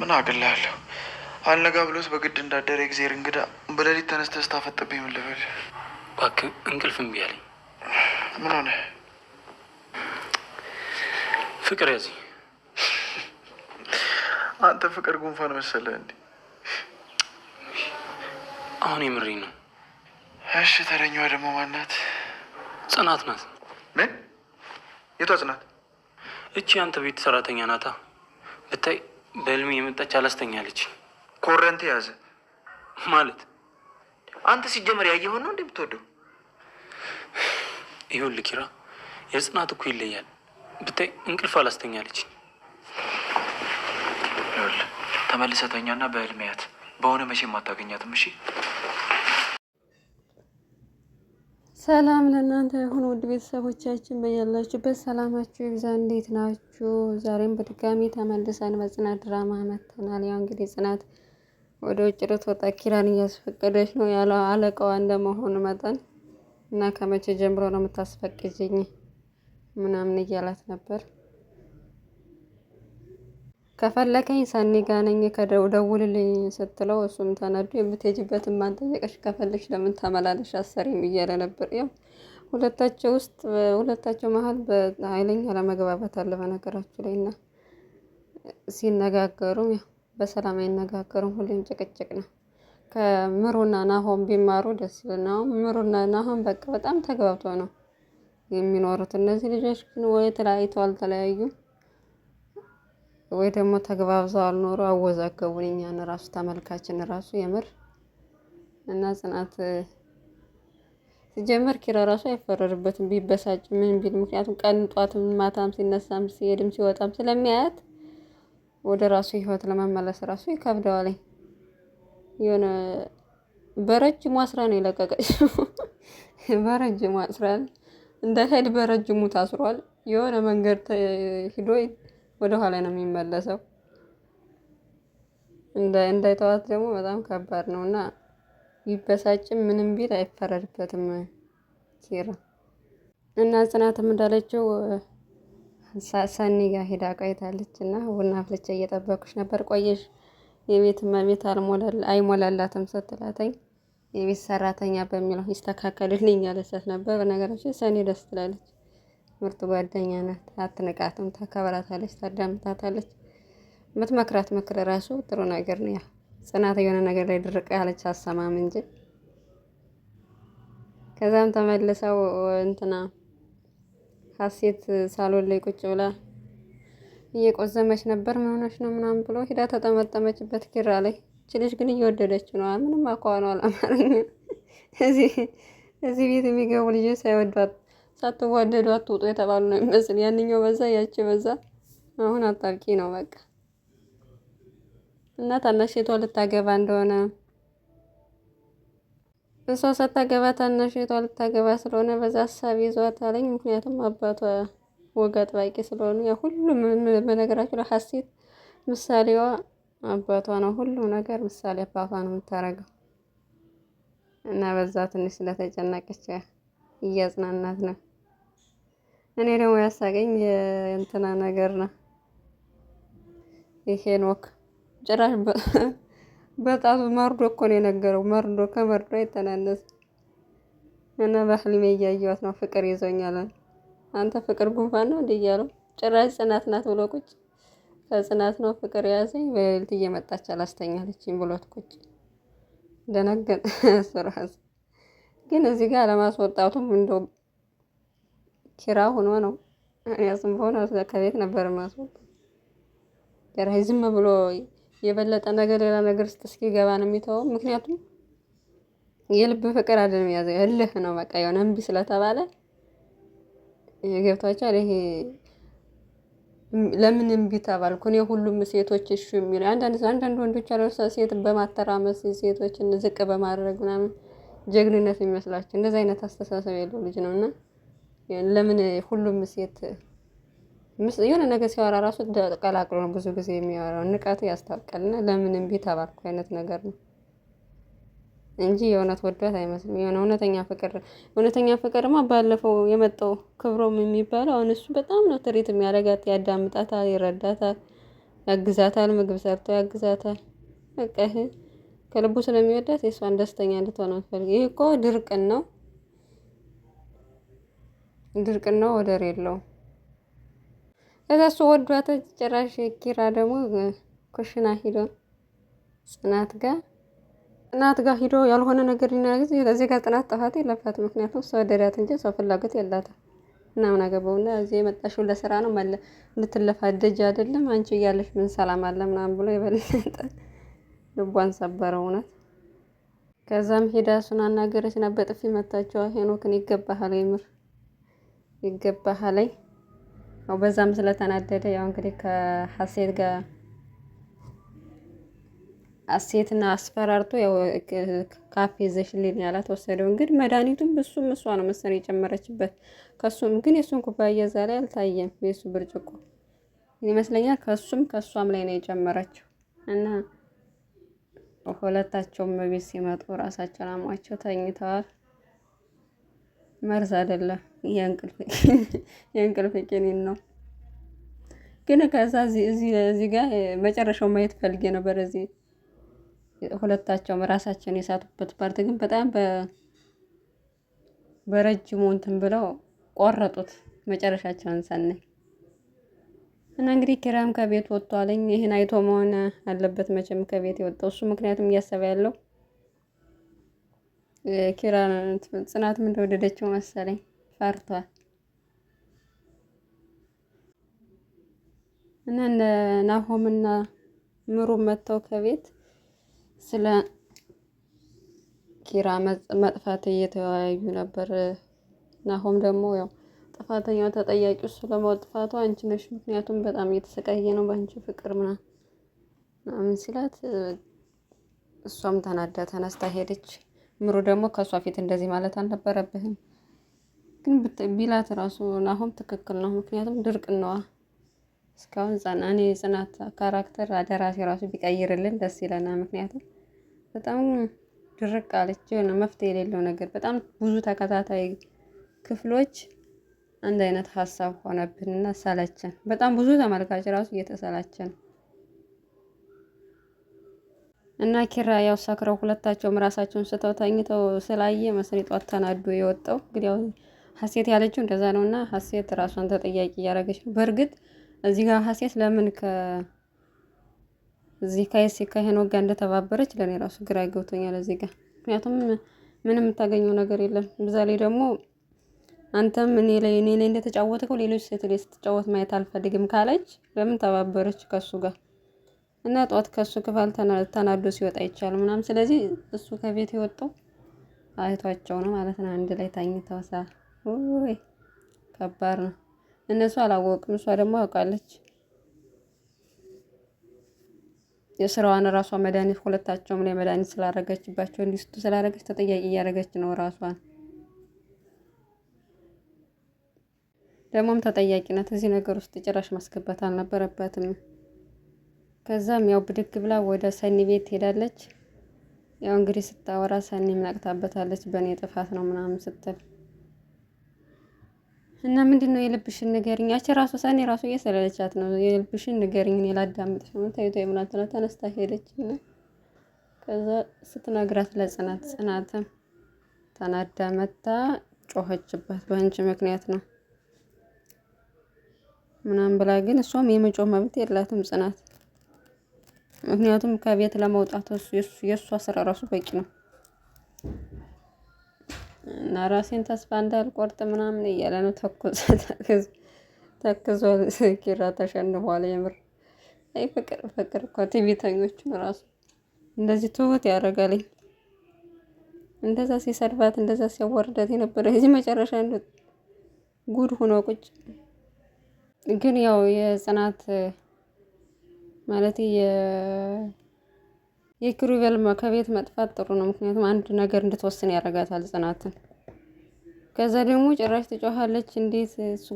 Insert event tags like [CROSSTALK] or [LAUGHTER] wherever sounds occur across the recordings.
ምን አቅልላለሁ? አልነጋ ብሎት በግድ እንዳደረ የእግዜር እንግዳ በሌሊት ተነስተ ስታፈጥብኝ ምን ልበል? እባክህ እንቅልፍ እምቢ አለኝ። ምን ሆነ? ፍቅር ያዘኝ። አንተ ፍቅር ጉንፋን መሰለህ እንዴ? አሁን የምሬ ነው። እሺ ተረኛዋ ደግሞ ማናት? ጽናት ናት። ምን? የቷ ጽናት? እቺ አንተ ቤት ሰራተኛ ናታ። ብታይ በህልሜ የመጣች አላስተኛለች። ኮረንት ያዘ ማለት አንተ ሲጀመር ያየሆን ነው እንደምትወደው። ይኸውልህ ኪራ፣ የጽናት እኮ ይለያል። ብታይ እንቅልፍ አላስተኛለች። ተመልሰተኛና በህልሜያት በሆነ መቼ አታገኛትም። እሺ ሰላም ለእናንተ የሆኑ ውድ ቤተሰቦቻችን በያላችሁበት ሰላማችሁ ይብዛ። እንዴት ናችሁ? ዛሬም በድጋሚ ተመልሰን በጽናት ድራማ መጥተናል። ያው እንግዲህ ጽናት ወደ ውጭ ልትወጣ ኪራን እያስፈቀደች ነው ያለው አለቃዋ እንደመሆኑ መጠን እና ከመቼ ጀምሮ ነው የምታስፈቅጅኝ ምናምን እያላት ነበር ከፈለከኝ ሰኒ ጋ ነኝ ደውልልኝ ስትለው እሱም ተነዱ የምትሄጅበትን ማን ጠየቀሽ? ከፈለግሽ ለምን ተመላለሽ አሰሪም እያለ ነበር። ያው ሁለታቸው ውስጥ ሁለታቸው መሀል በኃይለኛ ለመግባባት አለ በነገራችሁ ላይ እና ሲነጋገሩም ያው በሰላም አይነጋገሩም። ሁሌም ጭቅጭቅ ነው። ከምሩና ናሆም ቢማሩ ደስ ይለናል። ምሩና ናሆም በቃ በጣም ተግባብቶ ነው የሚኖሩት። እነዚህ ልጆች ግን ወይ ተለያይተው አልተለያዩም። ወይ ደግሞ ተግባብዘው አልኖሩ አወዛገቡን እኛን ራሱ ተመልካችን ራሱ የምር እና ጽናት ሲጀመር ኪራ ራሱ አይፈረድበትም ቢበሳጭ ምን ቢል፣ ምክንያቱም ቀን ጧትም ማታም ሲነሳም ሲሄድም ሲወጣም ስለሚያያት ወደ ራሱ ህይወት ለመመለስ ራሱ ይከብደዋል። የሆነ በረጅሙ አስራ ነው የለቀቀች። [LAUGHS] በረጅሙ አስራል እንዳይሄድ በረጅሙ ታስሯል። የሆነ መንገድ ሂዶ ወደ ኋላ ነው የሚመለሰው። እንዳይተዋት ደግሞ በጣም ከባድ ነው እና ቢበሳጭም ምንም ቢል አይፈረድበትም ኪራ እና ጽናትም እንዳለችው ሰኒ ጋር ሄዳ ቆይታለች እና ቡና አፍልቼ እየጠበኩሽ ነበር ቆየሽ የቤት እመቤት አይሞላላትም ስትላተኝ የቤት ሰራተኛ በሚለው ይስተካከልልኝ ያለቻት ነበር። በነገራችን ሰኒ ደስ ትላለች። ምርጥ ጓደኛ ናት። አትንቃትም፣ ታከብራታለች፣ ታዳምጣታለች። የምትመክራት ምክር ራሱ ጥሩ ነገር ነው። ያ ጽናት የሆነ ነገር ላይ ድርቅ ያለች አሰማም እንጂ ከዛም ተመልሰው እንትና ሀሴት ሳሎን ላይ ቁጭ ብላ እየቆዘመች ነበር። ምን ነው ምናምን ብሎ ሂዳ ተጠመጠመችበት ኪራ ላይ። ችልሽ ልጅ ግን እየወደደች ነዋ። ምንም አኳኗ አላማረኝም። እዚህ ቤት የሚገቡ ልጆች ሳይወዷት ሳትዋደዱ አትውጡ የተባሉ ነው የሚመስል። ያንኛው በዛ ያቺ በዛ። አሁን አጣብቂ ነው በቃ። እና ታናሽ ሴቷ ልታገባ እንደሆነ እሷ ሳታገባ ታናሽ ሴቷ ልታገባ ስለሆነ በዛ ሀሳብ አለኝ። ምክንያቱም አባቷ ወግ አጥባቂ ስለሆኑ ያ ሁሉም በነገራችሁ ላይ ሀሴት ምሳሌዋ አባቷ ነው። ሁሉ ነገር ምሳሌ አባቷ ነው የምታደርገው እና በዛ ትንሽ ስለተጨነቀች እያጽናናት ነው። እኔ ደግሞ ያሳቀኝ የእንትና ነገር ነው። የሄኖክ ጭራሽ [LAUGHS] በጣቱ መርዶ እኮ ነው የነገረው። መርዶ ከመርዶ አይተናነስ እና በህልሜ እያየዋት ነው ፍቅር ይዞኛል። አንተ ፍቅር ጉንፋን ነው እንዲ እያለው ጭራሽ ጽናት ናት ብሎ ቁጭ ከጽናት ነው ፍቅር የያዘኝ በሌሊት እየመጣች አላስተኛለችኝ ብሎት ቁጭ ደነገጠ። እሱ [LAUGHS] ግን እዚህ ጋር ለማስወጣቱም እንደው ኪራ ሆኖ ነው። ያስም በሆነ ከቤት ነበር ማስወጣ ኪራይ ዝም ብሎ የበለጠ ነገር ሌላ ነገር ውስጥ እስኪገባ ነው የሚተወው። ምክንያቱም የልብ ፍቅር አይደለም የያዘው እልህ ነው። በቃ የሆነ እምቢ ስለተባለ ገብቷቸዋል። ይሄ ለምን እምቢ ተባልኩ እኔ ሁሉም ሴቶች እሺ የሚሉ አንዳንድ አንዳንድ ወንዶች ያለ ሴት በማተራመስ ሴቶችን ዝቅ በማድረግ ምናምን ጀግንነት የሚመስላቸው እንደዚህ አይነት አስተሳሰብ ያለው ልጅ ነው እና ለምን ሁሉም ሴት የሆነ ነገር ሲያወራ ራሱ ቀላቅሎ ነው ብዙ ጊዜ የሚያወራው። ንቀቱ ያስታውቃልና ለምን እምቢ ተባልኩ አይነት ነገር ነው እንጂ የእውነት ወዷት አይመስልም። የሆነ እውነተኛ ፍቅር እውነተኛ ፍቅርማ ባለፈው የመጣው ክብሮም የሚባለው አሁን እሱ በጣም ነው ትሪት የሚያደርጋት፣ ያዳምጣታል፣ ይረዳታል፣ ያግዛታል፣ ምግብ ሰርቶ ያግዛታል። በቃ ከልቡ ስለሚወዳት የእሷን ደስተኛ እንድትሆን ይፈልግ። ይህ እኮ ድርቅን ነው። ድርቅና ወደር የለው። እዛሱ እሱ ወዷት ጭራሽ ኪራ ደግሞ ኩሽና ሂዶ ጽናት ጋር ጽናት ጋር ሂዶ ያልሆነ ነገር ሊናገዝ እዚህ ጋር ጽናት ጠፋት የለፋት ምክንያቱም ሰው ወደዳት እንጂ ሰው ፍላጎት የላት እና ምን አገባውና እዚህ የመጣሽው ለስራ ነው ልትለፋ ደጅ አይደለም አንቺ እያለሽ ምን ሰላም አለ ምናምን ብሎ የበለጠ ልቧን ሰበረው እውነት። ከዛም ሄዳ እሱን አናገረች እና በጥፊ መታቸዋ ሄኖክን ይገባሃል የምር ይገባሃለኝ። ያው በዛም ስለተናደደ ያው እንግዲህ ከሀሴት ጋር አሴትና አስፈራርቶ ያው ካፌ ዘሽልኝ ያላት ወሰደው። እንግዲህ መድኃኒቱም እሱም እሷ ነው መሰለኝ የጨመረችበት። ከሱም ግን የሱን ኩባያ እዛ ላይ አልታየም። የሱ ብርጭቆ ይመስለኛል ከሱም ከሷም ላይ ነው የጨመረችው እና ሁለታቸውም በቤት ሲመጡ ራሳቸውን አሟቸው ተኝተዋል። መርዝ አይደለም። የእንቅልፍ ቄኔን [LAUGHS] ነው። ግን ከዛ እዚህ ጋር መጨረሻው ማየት ፈልጌ ነበር። እዚህ ሁለታቸውም ራሳቸውን የሳቱበት ፓርት ግን በጣም በረጅሙ እንትን ብለው ቆረጡት መጨረሻቸውን ሳናይ እና እንግዲህ ኪራም ከቤት ወጥቷለኝ። ይህን አይቶ መሆን አለበት መቼም ከቤት የወጣው እሱ ምክንያቱም እያሰበ ያለው ኪራ ጽናትም እንደወደደችው መሰለኝ ፈርቷል። እና ናሆምና ምሩ መጥተው ከቤት ስለ ኪራ መጥፋት እየተወያዩ ነበር። ናሆም ደግሞ ያው ጥፋተኛው ተጠያቂ እሱ ለመጥፋቱ አንቺ ነሽ፣ ምክንያቱም በጣም እየተሰቃየ ነው በአንቺ ፍቅር ምናምን ሲላት እሷም ተናዳ ተነስታ ሄደች። ምሮ ደግሞ ከእሷ ፊት እንደዚህ ማለት አልነበረብህም። ግን ቢላት ራሱ ናሆም ትክክል ነው። ምክንያቱም ድርቅ ነዋ። እስካሁን ጸናኔ የጽናት ካራክተር አደራሴ ራሱ ቢቀይርልን ደስ ይለና። ምክንያቱም በጣም ድርቅ አለች። የሆነ መፍትሄ የሌለው ነገር በጣም ብዙ ተከታታይ ክፍሎች አንድ አይነት ሀሳብ ሆነብንና ሰለቸን። በጣም ብዙ ተመልካች ራሱ እየተሰላቸ ነው። እና ኪራ ያው ሰክረው ሁለታቸውም ራሳቸውን ስተው ተኝተው ስላየ መስሪ ጧት ተናዶ የወጣው እንግዲህ ሀሴት ያለችው እንደዛ ነው። እና ሀሴት ራሷን ተጠያቂ እያደረገች ነው። በእርግጥ እዚህ ጋር ሀሴት ለምን ከዚህ ከየሴ ከሄኖክ ጋር እንደተባበረች ለእኔ ራሱ ግራ ገብቶኛል እዚህ ጋር ምክንያቱም ምንም የምታገኘው ነገር የለም። በዛ ላይ ደግሞ አንተም እኔ ላይ እኔ ላይ እንደተጫወትከው ሌሎች ሴት ላይ ስትጫወት ማየት አልፈልግም ካለች ለምን ተባበረች ከሱ ጋር? እና ጠዋት ከእሱ ክፋል ተናዶ ሲወጣ ይቻል ምናምን። ስለዚህ እሱ ከቤት የወጣው አይቷቸው ነው ማለት ነው። አንድ ላይ ታኝተውሳ ወይ ከባድ ነው። እነሱ አላወቅም፣ እሷ ደግሞ አውቃለች። የስራዋን ራሷ መድኃኒት ሁለታቸውም ላይ መድኃኒት ስላረገችባቸው እንዲስቱ ስላረገች ተጠያቂ እያደረገች ነው ራሷን። ደግሞም ተጠያቂነት እዚህ ነገር ውስጥ ጭራሽ ማስገባት አልነበረበትም። ከዛም ያው ብድግ ብላ ወደ ሰኒ ቤት ትሄዳለች። ያው እንግዲህ ስታወራ ሰኒ ምናቅታበታለች በእኔ ጥፋት ነው ምናምን ስትል እና ምንድን ነው የልብሽን ንገሪኝ አቺ ራሱ ሰኒ ራሱ እየሰለለቻት ነው የልብሽን ንገሪኝ እኔ ላዳምጥሽ ነው ታይቶ ነው ተነስታ ሄደች እና ከዛ ስትነግራት ለጽናት ጽናትም ተናዳ መታ ጮኸችባት በአንቺ ምክንያት ነው ምናምን ብላ ግን እሷም የመጮህ መብት የላትም ጽናት ምክንያቱም ከቤት ለመውጣት የእሷ ስራ ራሱ በቂ ነው እና ራሴን ተስፋ እንዳልቆርጥ ምናምን እያለ ነው። ተክዟል። ኪራ ተሸንፏል። የምር አይ ፍቅር ፍቅር እኮ ቲቪተኞቹም ራሱ እንደዚህ ትሁት ያደርጋልኝ። እንደዛ ሲሰድባት፣ እንደዛ ሲያወርዳት የነበረ እዚህ መጨረሻ ጉድ ሆኖ ቁጭ ግን ያው የጽናት ማለት የኪሩቤል ከቤት መጥፋት ጥሩ ነው። ምክንያቱም አንድ ነገር እንድትወስን ያደርጋታል ጽናትን። ከዛ ደግሞ ጭራሽ ትጮኋለች እንዴት እሱ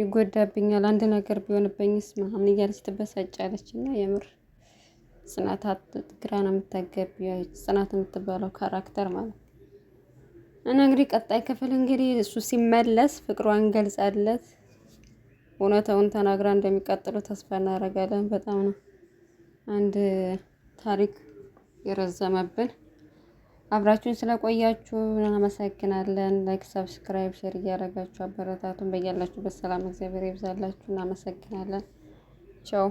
ይጎዳብኛል፣ አንድ ነገር ቢሆንበኝስ ምናምን እያለች ትበሳጫለች። እና የምር ጽናት ግራ ነው የምታገቢ ጽናት የምትባለው ካራክተር ማለት እና እንግዲህ ቀጣይ ክፍል እንግዲህ እሱ ሲመለስ ፍቅሯን ገልጻለት እውነተውን ተናግራ እንደሚቀጥሉ ተስፋ እናደርጋለን። በጣም ነው አንድ ታሪክ የረዘመብን። አብራችሁን ስለቆያችሁ እናመሰግናለን። ላይክ፣ ሰብስክራይብ፣ ሼር እያደረጋችሁ አበረታቱን። በያላችሁበት ሰላም እግዚአብሔር ይብዛላችሁ። እናመሰግናለን። ቻው